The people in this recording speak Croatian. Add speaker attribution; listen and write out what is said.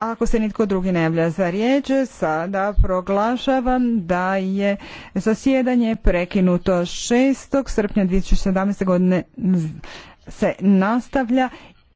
Speaker 1: Ako se nitko drugi ne javlja za riječ, sada proglašavam da je zasjedanje prekinuto 6. srpnja 2017. godine
Speaker 2: se nastavlja